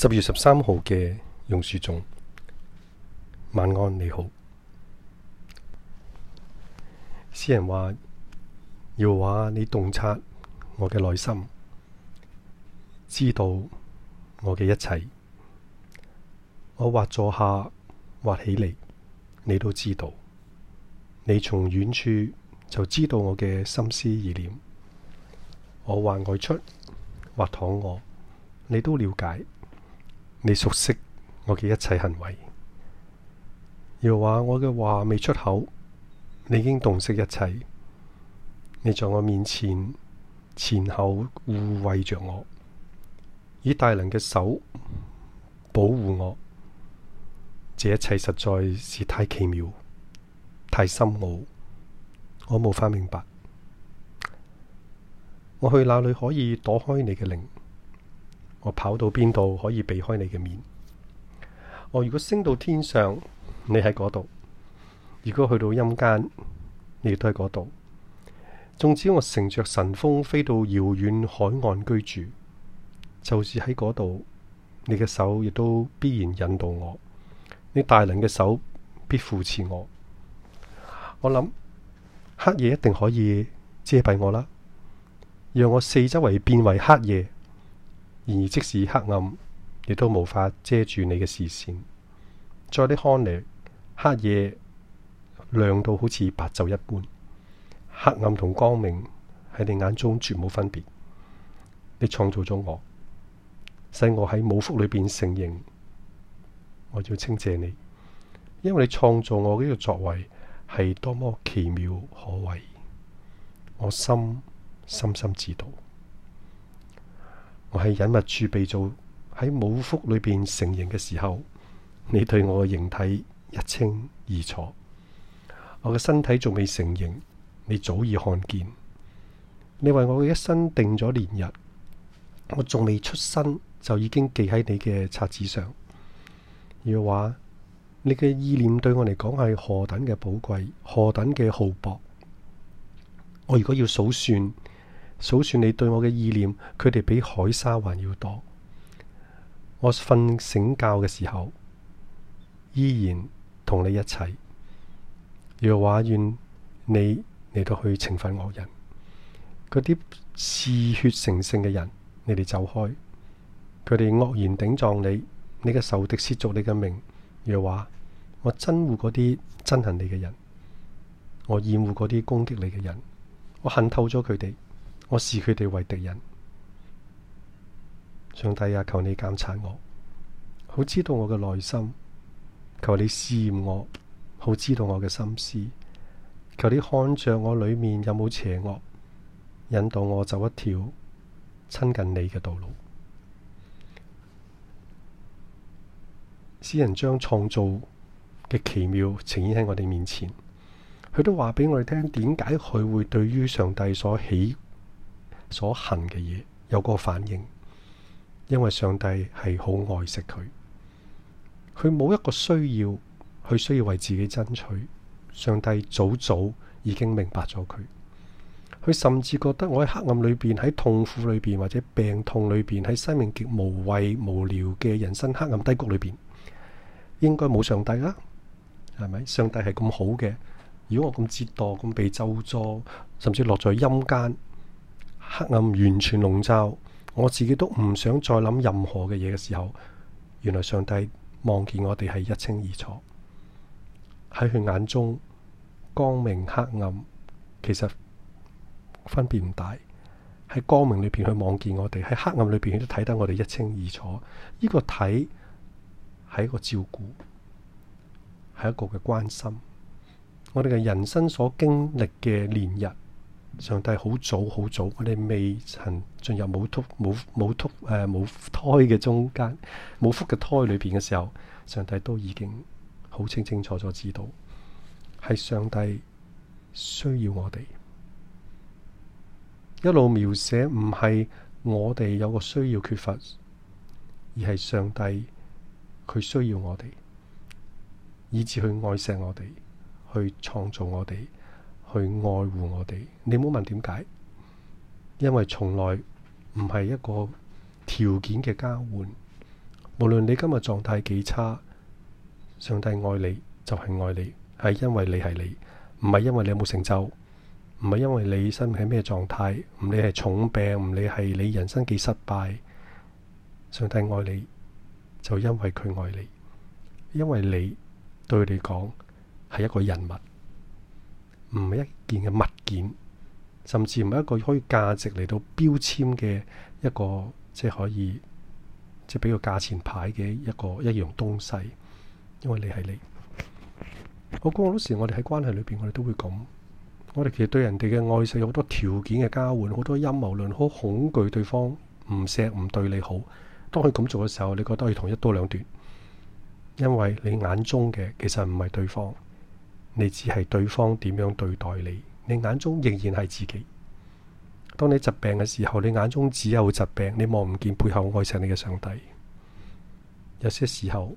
十月十三號嘅榕樹種，晚安你好。詩人話：要話你洞察我嘅內心，知道我嘅一切。我畫坐下，畫起嚟，你都知道。你從遠處就知道我嘅心思意念。我畫外出，畫躺臥，你都了解。你熟悉我嘅一切行為，又話我嘅話未出口，你已經洞悉一切。你在我面前前後護衛着我，以大能嘅手保護我。這一切實在是太奇妙、太深奧，我冇法明白。我去哪裏可以躲開你嘅靈？我跑到邊度可以避開你嘅面？我、哦、如果升到天上，你喺嗰度；如果去到陰間，你亦都喺嗰度。縱使我乘着神風飛到遙遠海岸居住，就是喺嗰度，你嘅手亦都必然引導我。你大能嘅手必扶持我。我諗黑夜一定可以遮蔽我啦，讓我四周圍變為黑夜。然而，即使黑暗，亦都無法遮住你嘅視線。在你看嚟，黑夜亮到好似白晝一般。黑暗同光明喺你眼中絕冇分別。你創造咗我，使我喺冇福裏邊承認，我要稱謝你，因為你創造我呢個作為係多麼奇妙可畏。我心深深知道。我喺隱密處被造，喺母腹裏邊成形嘅時候，你對我嘅形體一清二楚；我嘅身體仲未成形，你早已看見。你為我嘅一生定咗年日，我仲未出生就已經記喺你嘅冊子上。要話，你嘅意念對我嚟講係何等嘅寶貴，何等嘅浩博。我如果要數算。數算你對我嘅意念，佢哋比海沙還要多。我瞓醒覺嘅時候，依然同你一齊。若話願你，嚟到去以懲罰惡人。嗰啲嗜血成性嘅人，你哋走開。佢哋惡言頂撞你，你嘅仇敵褻瀆你嘅名。若話我憎惡嗰啲憎恨你嘅人，我厭惡嗰啲攻擊你嘅人，我恨透咗佢哋。我視佢哋為敵人。上帝啊，求你鑒察我，好知道我嘅內心。求你試驗我，好知道我嘅心思。求你看着我裏面有冇邪惡，引導我走一條親近你嘅道路。詩人將創造嘅奇妙呈現喺我哋面前，佢都話俾我哋聽，點解佢會對於上帝所喜？」所恨嘅嘢有個反應，因為上帝係好愛惜佢，佢冇一個需要，佢需要為自己爭取。上帝早早已經明白咗佢，佢甚至覺得我喺黑暗裏邊，喺痛苦裏邊，或者病痛裏邊，喺生命極無謂無聊嘅人生黑暗低谷裏邊，應該冇上帝啦，係咪？上帝係咁好嘅，如果我咁折墮，咁被咒詛，甚至落咗陰間。黑暗完全籠罩，我自己都唔想再諗任何嘅嘢嘅時候，原來上帝望見我哋係一清二楚。喺佢眼中，光明黑暗其實分別唔大。喺光明裏邊去望見我哋，喺黑暗裏邊亦都睇得我哋一清二楚。呢、這個睇係一個照顧，係一個嘅關心。我哋嘅人生所經歷嘅年日。上帝好早好早，我哋未曾進入母突母母突誒母,母,母胎嘅中間，母腹嘅胎裏邊嘅時候，上帝都已經好清清楚楚知道，係上帝需要我哋，一路描寫唔係我哋有個需要缺乏，而係上帝佢需要我哋，以致去愛錫我哋，去創造我哋。去愛護我哋，你唔好問點解，因為從來唔係一個條件嘅交換。無論你今日狀態幾差，上帝愛你就係、是、愛你，係因為你係你，唔係因為你冇成就，唔係因為你身體咩狀態，唔理係重病，唔理係你人生幾失敗，上帝愛你就是、因為佢愛你，因為你對你哋講係一個人物。唔係一件嘅物件，甚至唔係一個可以價值嚟到標籤嘅一個，即係可以，即係俾個價錢牌嘅一個一樣東西。因為你係你，我講好多時，我哋喺關係裏邊，我哋都會咁。我哋其實對人哋嘅愛係有好多條件嘅交換，好多陰謀論，好恐懼對方唔錫、唔對你好。當佢咁做嘅時候，你覺得可以同一刀兩斷，因為你眼中嘅其實唔係對方。你只係對方點樣對待你？你眼中仍然係自己。當你疾病嘅時候，你眼中只有疾病，你望唔見背後愛錫你嘅上帝。有些時候，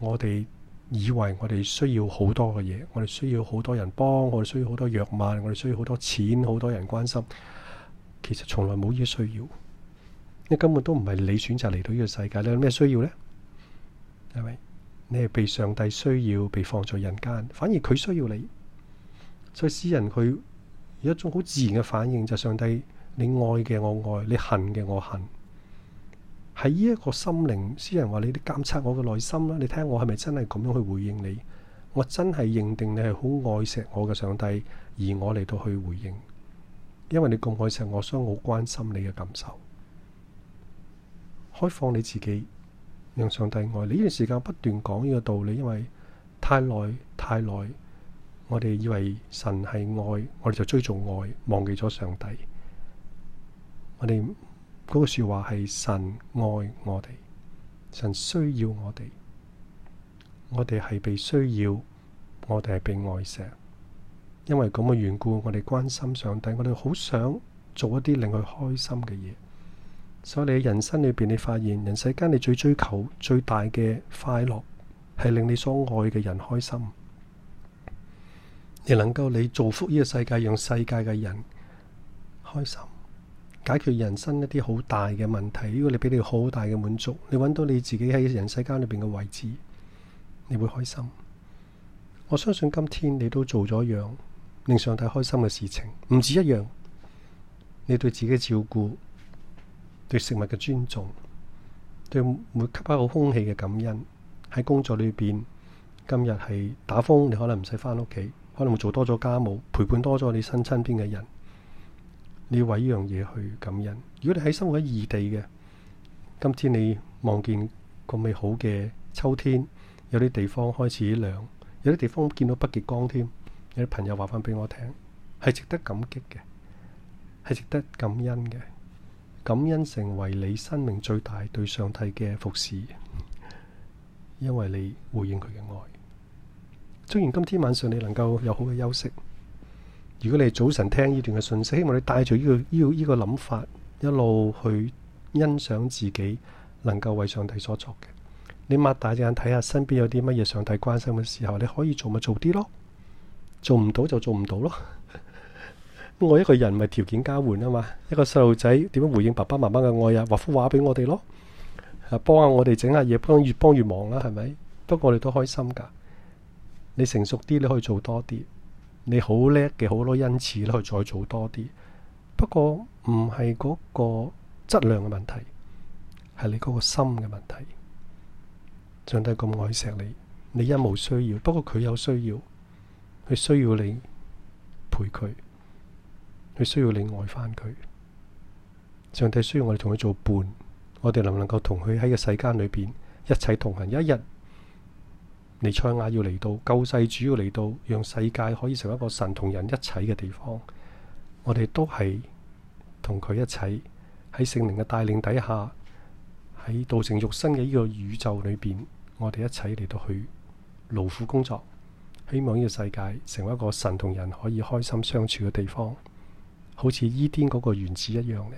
我哋以為我哋需要好多嘅嘢，我哋需要好多人幫，我哋需要好多藥物，我哋需要好多錢，好多人關心。其實從來冇依啲需要，你根本都唔係你選擇嚟到呢個世界。你有咩需要呢？係咪？你係被上帝需要，被放在人間，反而佢需要你。所以詩人佢有一種好自然嘅反應，就上帝，你愛嘅我愛，你恨嘅我恨。喺呢一個心靈，詩人話，你啲監察我嘅內心啦，你睇下我係咪真係咁樣去回應你？我真係認定你係好愛錫我嘅上帝，而我嚟到去回應，因為你咁愛錫我，所以我好關心你嘅感受。開放你自己。讓上帝愛你呢段時間不斷講呢個道理，因為太耐太耐，我哋以為神係愛，我哋就追逐愛，忘記咗上帝。我哋嗰、那個說話係神愛我哋，神需要我哋，我哋係被需要，我哋係被愛錫。因為咁嘅緣故，我哋關心上帝，我哋好想做一啲令佢開心嘅嘢。所以你喺人生裏邊，你發現人世間你最追求最大嘅快樂，係令你所愛嘅人開心。你能夠你造福呢個世界，讓世界嘅人開心，解決人生一啲好大嘅問題。如果你俾你好大嘅滿足，你揾到你自己喺人世間裏邊嘅位置，你會開心。我相信今天你都做咗樣令上帝開心嘅事情，唔止一樣。你對自己照顧。對食物嘅尊重，對每吸一口空氣嘅感恩，喺工作裏邊，今日係打風，你可能唔使翻屋企，可能會做多咗家務，陪伴多咗你身身邊嘅人，你要為呢樣嘢去感恩。如果你喺生活喺異地嘅，今天你望見個美好嘅秋天，有啲地方開始涼，有啲地方見到北極光添，有啲朋友話翻俾我聽，係值得感激嘅，係值得感恩嘅。感恩成為你生命最大對上帝嘅服侍，因為你回應佢嘅愛。雖然今天晚上你能夠有好嘅休息。如果你早晨聽呢段嘅訊息，希望你帶住呢個呢、呢個呢、呢個諗法，一路去欣賞自己能夠為上帝所作嘅。你擘大隻眼睇下身邊有啲乜嘢上帝關心嘅時候，你可以做咪做啲咯，做唔到就做唔到咯。我一個人咪條件交換啊嘛。一個細路仔點樣回應爸爸媽媽嘅愛啊？畫幅畫俾我哋咯，啊幫下我哋整下嘢，幫越幫越忙啦，係咪？不過我哋都開心噶。你成熟啲，你可以做多啲。你好叻嘅，好多恩賜你可以再做多啲。不過唔係嗰個質量嘅問題，係你嗰個心嘅問題。上帝咁愛錫你，你一無需要，不過佢有需要，佢需要你陪佢。佢需要你愛翻佢，上帝需要我哋同佢做伴，我哋能唔能夠同佢喺個世間裏邊一齊同行？一日彌賽亞要嚟到，救世主要嚟到，讓世界可以成為一個神同人一齊嘅地方。我哋都係同佢一齊喺聖靈嘅帶領底下，喺道成肉身嘅呢個宇宙裏邊，我哋一齊嚟到去勞苦工作，希望呢個世界成為一個神同人可以開心相處嘅地方。好似伊甸嗰個原子一樣呢，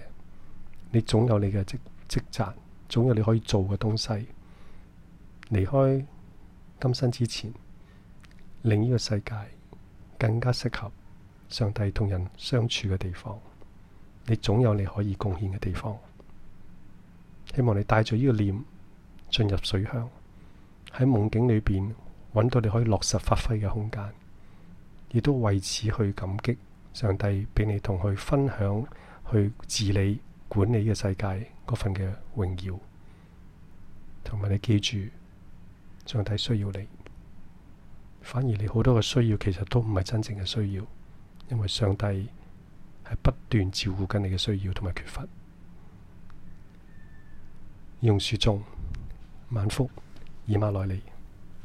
你總有你嘅職職責，總有你可以做嘅東西。離開今生之前，令呢個世界更加適合上帝同人相處嘅地方。你總有你可以貢獻嘅地方。希望你帶住呢個念進入水鄉，喺夢境裏邊搵到你可以落實發揮嘅空間，亦都為此去感激。上帝畀你同佢分享、去治理、管理嘅世界嗰份嘅榮耀，同埋你記住，上帝需要你，反而你好多嘅需要其實都唔係真正嘅需要，因為上帝係不斷照顧緊你嘅需要同埋缺乏。榕樹中，晚福以馬內利。